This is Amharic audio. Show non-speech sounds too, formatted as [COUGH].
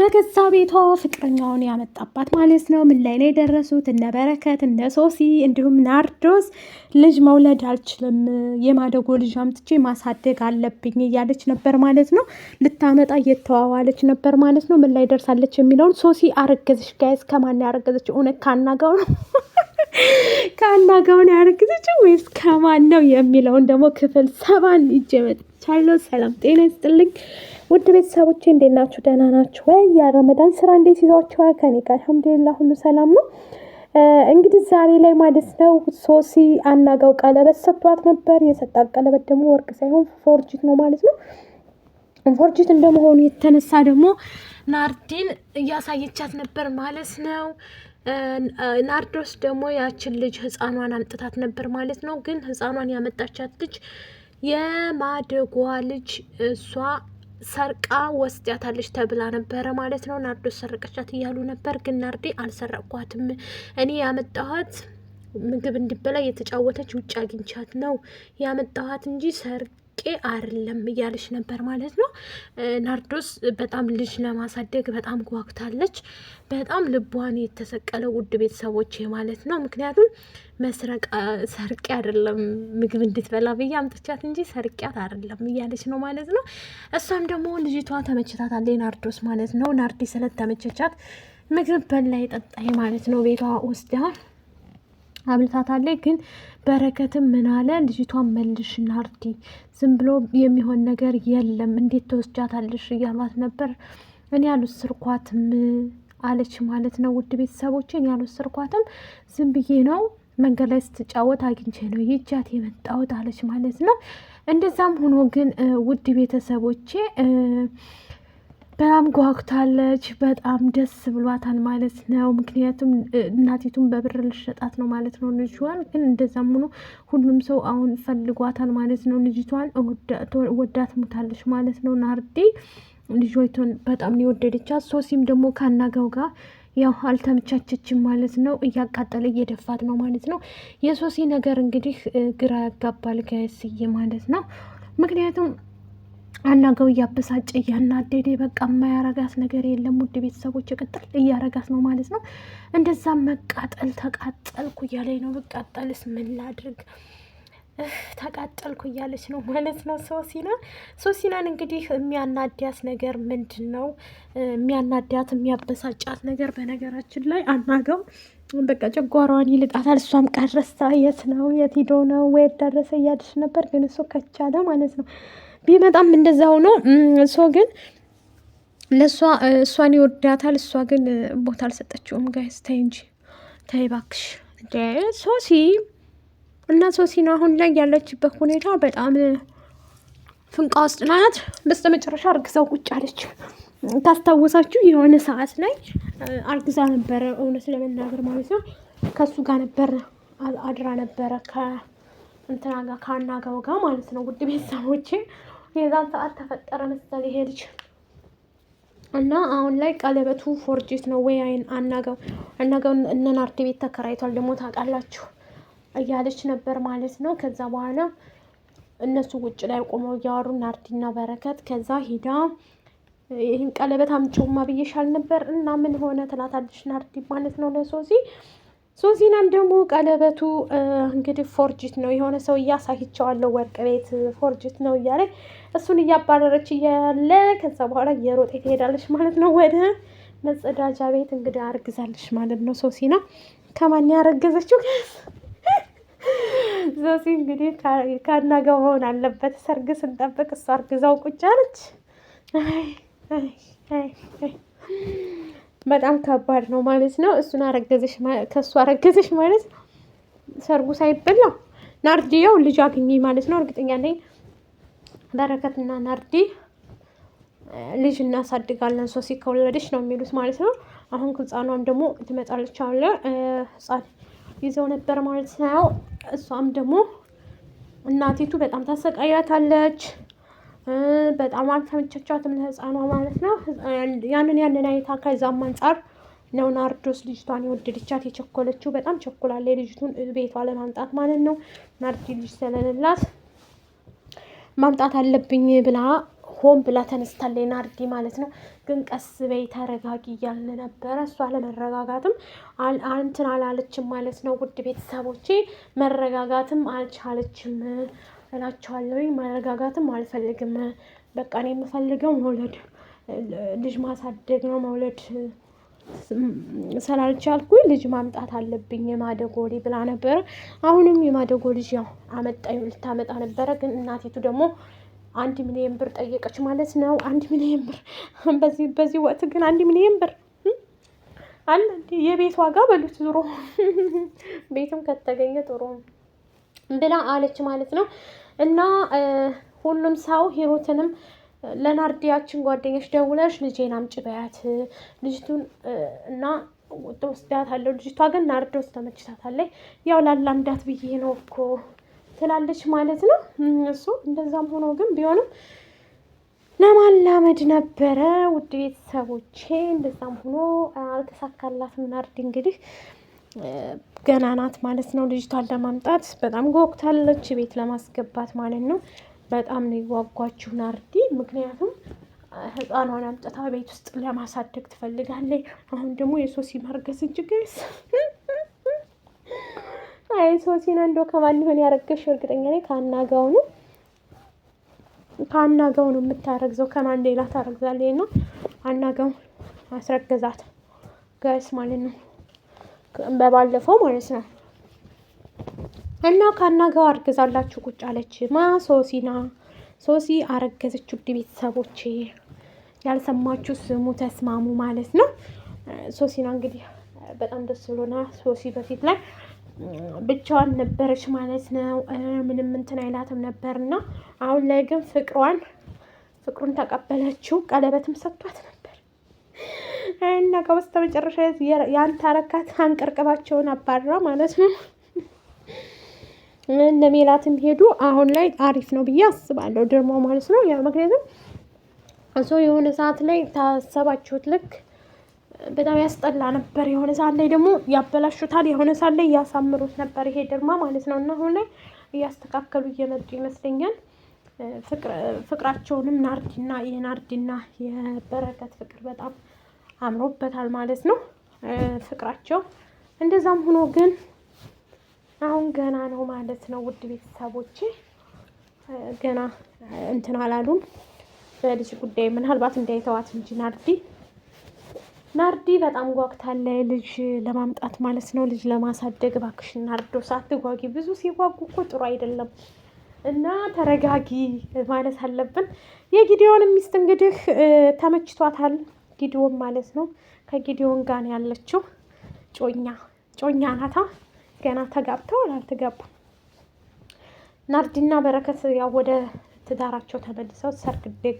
በገዛ ቤቷ ፍቅረኛውን ያመጣባት ማለት ነው። ምን ላይ ነው የደረሱት? እነ በረከት እነ ሶሲ እንዲሁም ናርዶስ ልጅ መውለድ አልችልም፣ የማደጎ ልጅ አምጥቼ ማሳደግ አለብኝ እያለች ነበር ማለት ነው። ልታመጣ እየተዋዋለች ነበር ማለት ነው። ምን ላይ ደርሳለች የሚለውን ሶሲ አረገዘች። ጋይዝ ከማን ያረገዘች? እውነት ካናጋው ነው ከአና [LAUGHS] ጋር ነው ወይስ ከማን ነው የሚለውን ደግሞ ክፍል ሰባን ይዤ መጥቻለሁ። ሰላም ጤና ይስጥልኝ። ውድ ቤተሰቦቼ እንዴት ናችሁ? ደህና ናችሁ ወይ? የረመዳን ስራ እንዴት ይዟችኋል? ከኔ ጋር አልሐምዱሊላ ሁሉ ሰላም ነው። እንግዲህ ዛሬ ላይ ማለት ነው ሶሲ አናጋው ቀለበት ሰጥቷት ነበር። የሰጣት ቀለበት ደግሞ ወርቅ ሳይሆን ፎርጅት ነው ማለት ነው። ፎርጅት እንደመሆኑ የተነሳ ደግሞ ናርዲን እያሳየቻት ነበር ማለት ነው። ናርዶስ ደግሞ ያችን ልጅ ህፃኗን አምጥታት ነበር ማለት ነው። ግን ህፃኗን ያመጣቻት ልጅ የማደጓ ልጅ እሷ ሰርቃ ወስዳታለች ተብላ ነበረ ማለት ነው። ናርዶ ሰረቀቻት እያሉ ነበር፣ ግን ናርዴ አልሰረቅኳትም እኔ ያመጣኋት ምግብ እንዲበላ የተጫወተች ውጭ አግኝቻት ነው ያመጣኋት እንጂ ሰርቅ አውቄ አይደለም እያለች ነበር ማለት ነው። ናርዶስ በጣም ልጅ ለማሳደግ በጣም ጓጉታለች። በጣም ልቧን የተሰቀለው ውድ ቤተሰቦች ማለት ነው። ምክንያቱም መስረቅ ሰርቄ አይደለም ምግብ እንድትበላ ብዬ አምጥቻት እንጂ ሰርቄያት አይደለም እያለች ነው ማለት ነው። እሷም ደግሞ ልጅቷ ተመችታታለች ናርዶስ ማለት ነው። ናርዲ ስለት ተመቸቻት ምግብ በላይ ጠጣይ ማለት ነው ቤቷ ውስጥ አብልታታለች። ግን በረከትም ምን አለ ልጅቷን መልሽ ናርዲ፣ ዝም ብሎ የሚሆን ነገር የለም እንዴት ተወስጃታለሽ እያሏት ነበር። እኔ አልወሰድኳትም አለች ማለት ነው። ውድ ቤተሰቦች እኔ አልወሰድኳትም ዝም ብዬ ነው መንገድ ላይ ስትጫወት አግኝቼ ነው ይጃት የመጣወት አለች ማለት ነው። እንደዛም ሆኖ ግን ውድ ቤተሰቦቼ በጣም ጓጉታለች። በጣም ደስ ብሏታል ማለት ነው። ምክንያቱም እናቲቱን በብር ልሸጣት ነው ማለት ነው ልጇን። ግን እንደዛም ሆኖ ሁሉም ሰው አሁን ፈልጓታል ማለት ነው። ልጅቷን ወዳት ሙታለች ማለት ነው። ናርዲ ልጅቷን በጣም የወደደቻት ሶሲም ደግሞ ካናገው ጋር ያው አልተመቻቸችም ማለት ነው። እያቃጠለ እየደፋት ነው ማለት ነው። የሶሲ ነገር እንግዲህ ግራ ያጋባል ጋስዬ ማለት ነው። ምክንያቱም አናገው እያበሳጨ እያናደደ በቃ የማያረጋት ነገር የለም። ውድ ቤተሰቦች ቅጥል እያረጋት ነው ማለት ነው። እንደዛ መቃጠል ተቃጠልኩ እያለኝ ነው። መቃጠልስ ምን ላድርግ ተቃጠልኩ እያለች ነው ማለት ነው። ሶሲና ሶሲናን እንግዲህ የሚያናዳት ነገር ምንድን ነው? የሚያናድያት የሚያበሳጫት ነገር በነገራችን ላይ አናገው በቃ ጨጓሯን ይልጣታል። እሷም ቀረሳ የት ነው የት ሂዶ ነው ወይ ደረሰ እያለች ነበር፣ ግን እሱ ከቻለ ማለት ነው ቢመጣም እንደዛ ሆኖ ሶ ግን ለእሷ እሷን ይወዳታል። እሷ ግን ቦታ አልሰጠችውም። ጋይስ ተይ እንጂ ተይ እባክሽ ሶሲ እና ሶሲ ነው አሁን ላይ ያለችበት ሁኔታ በጣም ፍንቃ ውስጥ ናት። በስተ መጨረሻ አርግዛው ቁጭ አለች። ካስታወሳችሁ የሆነ ሰዓት ላይ አርግዛ ነበረ፣ እውነት ለመናገር ማለት ነው። ከእሱ ጋር ነበረ አድራ ነበረ እንትና ጋር ካናገው ጋር ማለት ነው። ውድ ቤተሰቦቼ የዛን ሰዓት ተፈጠረ መሰል ይሄ ልጅ እና አሁን ላይ ቀለበቱ ፎርጅት ነው ወይ አይን አናገው አናገው እነ ናርዲ ቤት ተከራይቷል ደግሞ ታውቃላችሁ እያለች ነበር ማለት ነው። ከዛ በኋላ እነሱ ውጭ ላይ ቆመው እያወሩ ናርዲና በረከት ከዛ ሂዳ ይህን ቀለበት አምጪውማ ብዬሽ አልነበር እና ምን ሆነ ትላታለች ናርዲ ማለት ነው ለሶሲ ሱዚናም ደግሞ ቀለበቱ እንግዲህ ፎርጅት ነው የሆነ ሰው እያሳይቸዋለው ወርቅ ቤት ፎርጅት ነው እያለ እሱን እያባረረች እያለ ከዛ በኋላ እየሮጤ ትሄዳለች ማለት ነው ወደ መጸዳጃ ቤት እንግዲህ አርግዛለች ማለት ነው። ሶሲና ከማን ያረገዘችው? [LAUGHS] ሶሲ እንግዲህ ካናገው መሆን አለበት። ሰርግ ስንጠብቅ እሷ አርግዛው ቁጭ አለች። በጣም ከባድ ነው ማለት ነው። እሱን አረገዘሽ ከእሱ አረገዘሽ ማለት ሰርጉ ሳይበላ ያው ልጅ አግኝ ማለት ነው። እርግጠኛ ነኝ በረከትና ናርዲ ልጅ እናሳድጋለን ሶሲ ከወለደች ነው የሚሉት ማለት ነው። አሁን ህፃኗም ደግሞ ትመጣለች አለ ህፃን ይዘው ነበር ማለት ነው። እሷም ደግሞ እናቲቱ በጣም ታሰቃያታለች። በጣም አልተመቸቻትም ለህፃኗ ማለት ነው። ያንን ያንን አይታ ከዛም አንጻር ነው ናርዶስ ልጅቷን የወደደቻት የቸኮለችው። በጣም ቸኩላለ ልጅቱን ቤቷ ለማምጣት ማለት ነው። ናርዲ ልጅ ስለሌላት ማምጣት አለብኝ ብላ ሆን ብላ ተነስታለ ናርዲ ማለት ነው። ግን ቀስ በይ ተረጋጊ እያልን ነበረ። እሷ ለመረጋጋትም እንትን አላለችም ማለት ነው። ውድ ቤተሰቦቼ መረጋጋትም አልቻለችም። እላቸዋለሁ። ማረጋጋትም አልፈልግም። በቃ እኔ የምፈልገው መውለድ ልጅ ማሳደግ ነው። መውለድ ስላልቻልኩ ልጅ ማምጣት አለብኝ የማደጎ ልጅ ብላ ነበረ። አሁንም የማደጎ ልጅ ያው አመጣኝ ልታመጣ ነበረ፣ ግን እናቲቱ ደግሞ አንድ ሚሊዮን ብር ጠየቀች ማለት ነው። አንድ ሚሊዮን ብር [LAUGHS] በዚህ በዚህ ወቅት ግን አንድ ሚሊዮን ብር አለ የቤት ዋጋ በሉት ዙሮ [LAUGHS] ቤትም ከተገኘ ጥሩ ነው። ብላ አለች ማለት ነው። እና ሁሉም ሰው ሂሩትንም ለናርዲያችን ጓደኞች ደውለሽ ልጄን አምጪ በያት ልጅቱን እና ወስዳታለሁ ልጅቷ ግን ናርዶ ተመችታታለች። ያው ላላምዳት ብዬ ነው እኮ ትላለች ማለት ነው። እሱ እንደዛም ሆኖ ግን ቢሆንም ለማላመድ ነበረ ውድ ቤተሰቦቼ። እንደዛም ሆኖ አልተሳካላትም ናርዲ እንግዲህ ገና ናት ማለት ነው። ልጅቷን ለማምጣት በጣም ጓጉታለች፣ ቤት ለማስገባት ማለት ነው። በጣም ነው የጓጓችሁ ናርዲ። ምክንያቱም ህፃኗን አምጥታ ቤት ውስጥ ለማሳደግ ትፈልጋለች። አሁን ደግሞ የሶሲ መርገዝ እጅግስ አይ ሶሲን እንዶ ከማን ሊሆን ያረገሽ? እርግጠኛ ነኝ ከአናጋውኑ ከአናጋውኑ ከአናጋው ነው የምታረግዘው። ከማን ሌላ ታረግዛለች? እና አናጋውን አስረገዛት ጋይስ ማለት ነው። በባለፈው ማለት ነው። እና ጋር አርግዛላችሁ ቁጭ አለች ማ ሶሲና ሶሲ አረገዘች። ውድ ቤተሰቦች ያልሰማችሁ ስሙ፣ ተስማሙ ማለት ነው። ሶሲና እንግዲህ በጣም ደስ ብሎና ሶሲ በፊት ላይ ብቻዋን ነበረች ማለት ነው። ምንም እንትን አይላትም ነበርና አሁን ላይ ግን ፍቅሯን ፍቅሩን ተቀበለችው። ቀለበትም ሰጥቷት ነበር። እና ከበስተ መጨረሻ ያንተ አረካት አንቀርቅባቸውን አባራ ማለት ነው። እነ ሜላትም ሄዱ። አሁን ላይ አሪፍ ነው ብዬ አስባለሁ ድርሞ ማለት ነው። ያ ምክንያቱም እሱ የሆነ ሰዓት ላይ ታሰባችሁት ልክ በጣም ያስጠላ ነበር። የሆነ ሰዓት ላይ ደግሞ ያበላሹታል፣ የሆነ ሰዓት ላይ እያሳምሩት ነበር ይሄ ድርማ ማለት ነው። እና አሁን ላይ እያስተካከሉ እየመጡ ይመስለኛል። ፍቅራቸውንም ናርዲና የናርዲና የበረከት ፍቅር በጣም አምሮበታል ማለት ነው ፍቅራቸው። እንደዛም ሆኖ ግን አሁን ገና ነው ማለት ነው ውድ ቤተሰቦቼ ገና እንትን አላሉም በልጅ ጉዳይ ምናልባት እንዳይተዋት እንጂ ናርዲ ናርዲ በጣም ጓግታለች ልጅ ለማምጣት ማለት ነው ልጅ ለማሳደግ እባክሽ ናርዶስ አትጓጊ ብዙ ሲጓጉ እኮ ጥሩ አይደለም እና ተረጋጊ ማለት አለብን የጊዲዮን ሚስት እንግዲህ ተመችቷታል ጊዲዮን ማለት ነው። ከጊዲዮን ጋር ነው ያለችው። ጮኛ ጮኛ ናታ። ገና ተጋብተው አልተጋቡም። ናርዲና በረከት ያው ወደ ትዳራቸው ተመልሰው ሰርግ